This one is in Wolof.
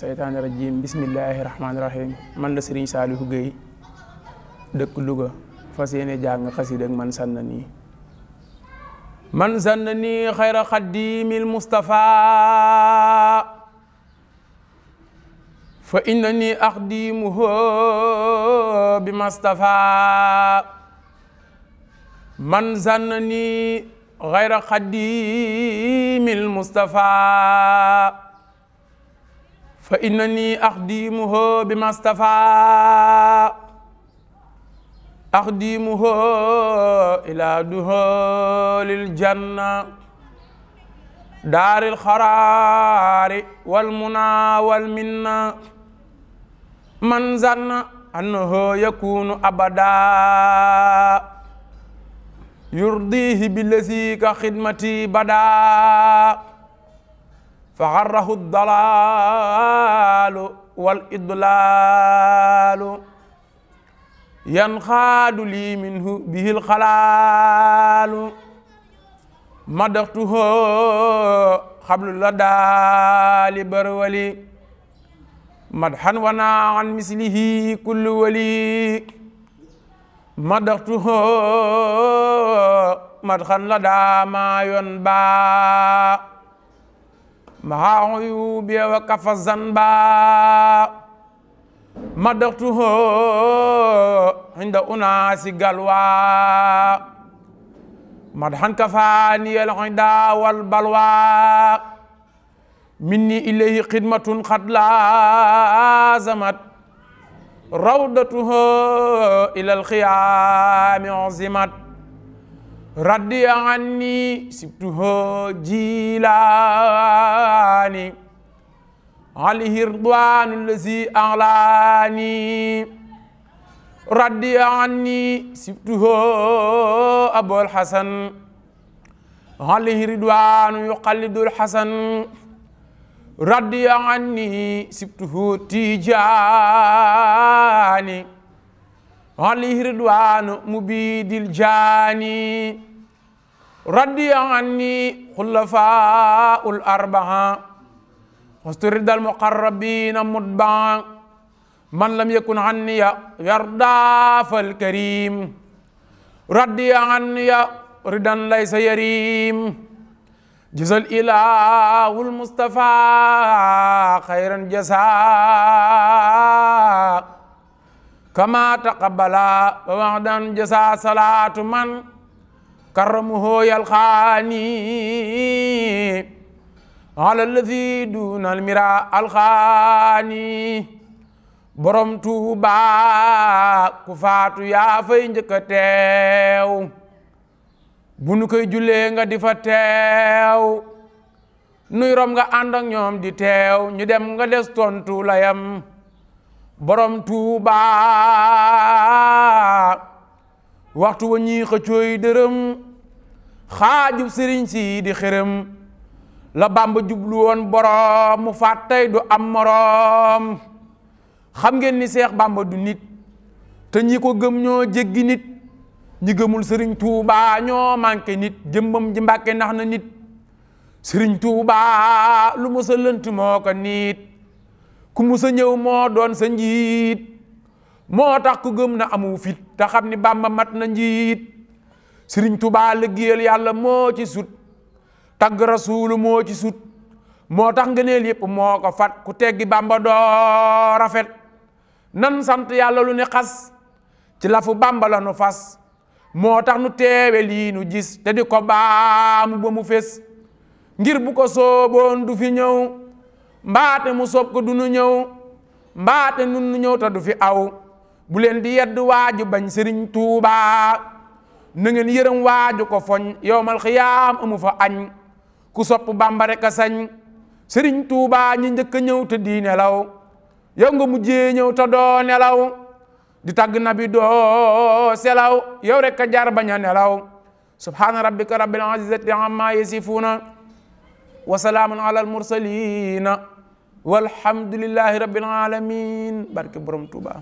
الشيطان الرجيم بسم الله الرحمن الرحيم من سيرين سالو غي دك لوغا فاسيني جانغ خسيد اك من سنني من سنني خير قديم المصطفى فانني اقديمه بمصطفى من سنني غير قديم المصطفى فإنني أخدمه بما استفاء أخدمه إلى دخول الجنة دار الخرار والمنى والمنى من ظن أنه يكون أبدا يرضيه بالذي كخدمتي بدا fa xarrahu dalaalu wal idlaalu yanxaadu lii minhu bihil xalaalu madaxtuhu xablu la daali barwali madxan wanaa an mislihi kullu wali madaxtuhu madxan la daa maayoon baa ما عيوبي وقف الزنباء مدقته عند أناس قلوى مدحا كفاني العدا والبلوى مني إليه خدمة قد لازمت روضته إلى الخيام عزمت رضي عني سبته جيلاني عليه رضوان الذي أعلاني رضي عني سبته أبو الحسن عليه رضوان يقلد الحسن رضي عني سبته تيجاني عليه رضوان مبيد الجاني رضي عني خلفاء الأربعة واسترد المقربين متبعا من لم يكن عني يرضى فالكريم رضي عني رضا ليس يريم جزا الإله المصطفى خيرا جزاء kama taqabbala wa waxdan jasa salatu man karramuhu yalxaani ala lazi duna almira alxaani borom tuuba ku faatu yaa fay teew bu nu koy jullee nga di fa teew nuy nga ànd ak ñoom di teew ñu dem nga des tontu layam borom tuuba waxtu wa ñii xëccooy dërëm xaajub sëriñ si di xërëm la bàmba jublu woon borom mu fàttay du am moroom xam ngeen ni seex bàmba du nit te ñi ko gëm ñoo jéggi nit ñi gëmul sëriñ tuuba ñoo manqué nit jëmbam ji mbàkke nax na nit sëriñ tuuba lu mu sa moo ko nit ku mu sa ñëw moo doon sa njiit moo tax ku gëm na amu fit te xam ni Bàmba mat na njiit Sëriñ Tuubaa liggéeyal yàlla moo ci sut tagg rasuulu moo ci sut moo tax ngëneel yépp moo ko fat ku teggi Bàmba doo rafet nan sant yàlla lu ne xas ci lafu Bàmba la nu fas moo tax nu teewe lii nu gis te di ko baamu mu fés ngir bu ko sooboon du fi ñëw mbaate mu sob ko du nu ñëw mbaate nun nu ñëw te fi aw bu leen di yedd waaju bañ sëriñ tuubaa na ngeen waaju ko foñ yowmal xiyaam amu fa añ ku sopp bàmba rek a sañ sëriñ tuubaa ñi njëkk a ñëw te di nelaw yow mu mujjee ñëw te doo nelaw di tagg nabi doo selaw yow rek a jar bañ a nelaw subhaana rabbika rabbil izzati amma yasifuuna وسلام على المرسلين والحمد لله رب العالمين بارك برم توبا